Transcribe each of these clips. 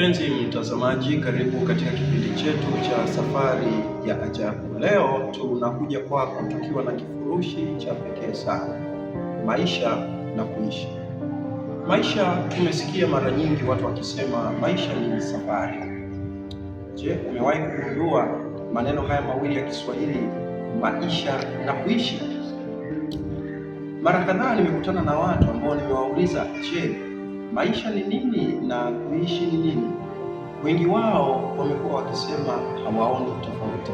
Mpenzi mtazamaji, karibu katika kipindi chetu cha Safari ya Ajabu. Leo tunakuja kwako tukiwa na kifurushi cha pekee sana, maisha na kuishi. Maisha, tumesikia mara nyingi watu wakisema maisha ni safari. Je, umewahi kugundua maneno haya mawili ya Kiswahili, maisha na kuishi? Mara kadhaa nimekutana na watu ambao nimewauliza, je, maisha ni nini na tunavyoishi ni nini. Wengi wao wamekuwa wakisema hawaoni tofauti,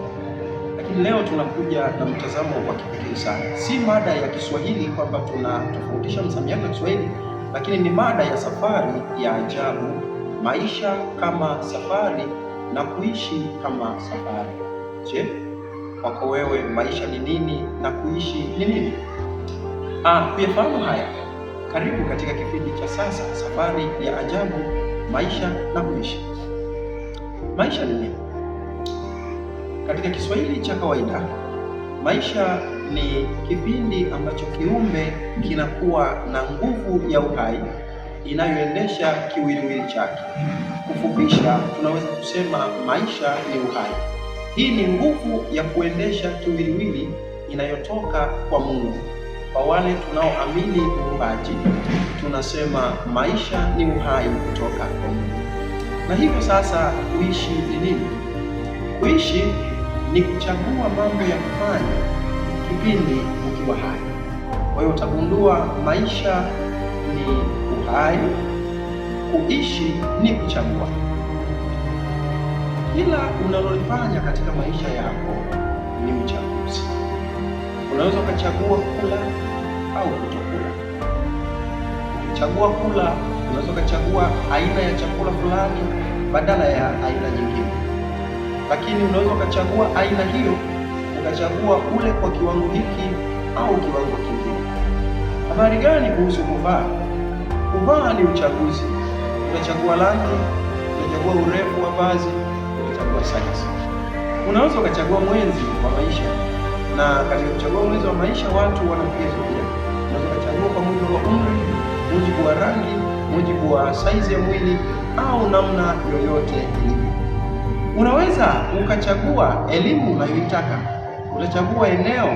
lakini leo tunakuja na mtazamo wa kipekee sana. Si mada ya Kiswahili kwamba tunatofautisha msamiati wa Kiswahili, lakini ni mada ya safari ya ajabu, maisha kama safari na kuishi kama safari. Je, kwako wewe maisha ni nini na kuishi ni nini? Ah, kuyafahamu haya, karibu katika kipindi cha sasa, safari ya ajabu maisha na kuishi. Maisha ni nini? Katika Kiswahili cha kawaida, maisha ni kipindi ambacho kiumbe kinakuwa na nguvu ya uhai inayoendesha kiwiliwili chake. Kufupisha, tunaweza kusema maisha ni uhai. Hii ni nguvu ya kuendesha kiwiliwili inayotoka kwa Mungu. Kwa wale tunaoamini uumbaji, tunasema maisha ni uhai kutoka kwa Mungu. Na hivyo sasa, kuishi ni nini? Kuishi ni kuchagua mambo ya kufanya kipindi ukiwa hai. Kwa hiyo utagundua maisha ni uhai, kuishi ni kuchagua. Kila unalolifanya katika maisha yako ni uchaguzi. Unaweza ukachagua kula au kutokula. Ukichagua kula, unaweza ukachagua aina ya chakula fulani badala ya aina nyingine, lakini unaweza ukachagua aina hiyo, ukachagua ule kwa kiwango hiki au kiwango kingine. Habari gani kuhusu kuvaa? Kuvaa ni uchaguzi. Unachagua rangi, unachagua urefu wa vazi, unachagua size. Unaweza ukachagua mwenzi wa maisha na katika kuchagua mwenzi wa maisha watu wanapiga zulia. Unaweza kuchagua kwa mujibu wa umri, mujibu wa rangi, mujibu wa saizi ya mwili au namna yoyote ilivyo. Unaweza ukachagua elimu unayoitaka, utachagua eneo,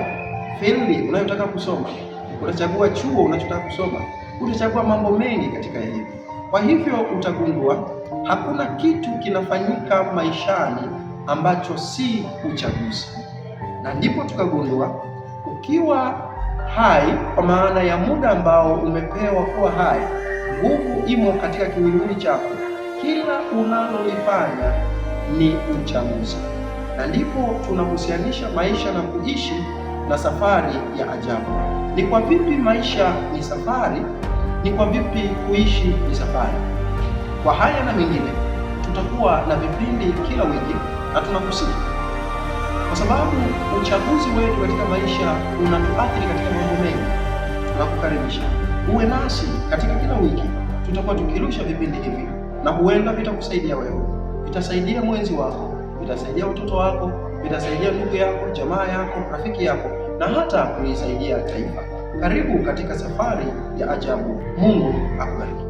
fildi unayotaka kusoma, utachagua chuo unachotaka kusoma, utachagua mambo mengi katika elimu. Kwa hivyo utagundua hakuna kitu kinafanyika maishani ambacho si uchaguzi na ndipo tukagundua ukiwa hai, kwa maana ya muda ambao umepewa kuwa hai, nguvu imo katika kiwiliwili chako. Kila unalolifanya ni uchaguzi, na ndipo tunahusianisha maisha na kuishi na safari ya ajabu. Ni kwa vipi maisha ni safari? Ni kwa vipi kuishi ni safari? Kwa haya na mengine, tutakuwa na vipindi kila wiki na tunakusihi kwa sababu uchaguzi wetu katika maisha unatuathiri katika mambo mengi. Tunakukaribisha uwe nasi katika kila wiki, tutakuwa tukirusha vipindi hivi na huenda vitakusaidia wewe, vitasaidia mwenzi wako, vitasaidia mtoto wako, vitasaidia ndugu yako, jamaa yako, rafiki yako na hata kuisaidia taifa. Karibu katika safari ya ajabu. Mungu akubariki.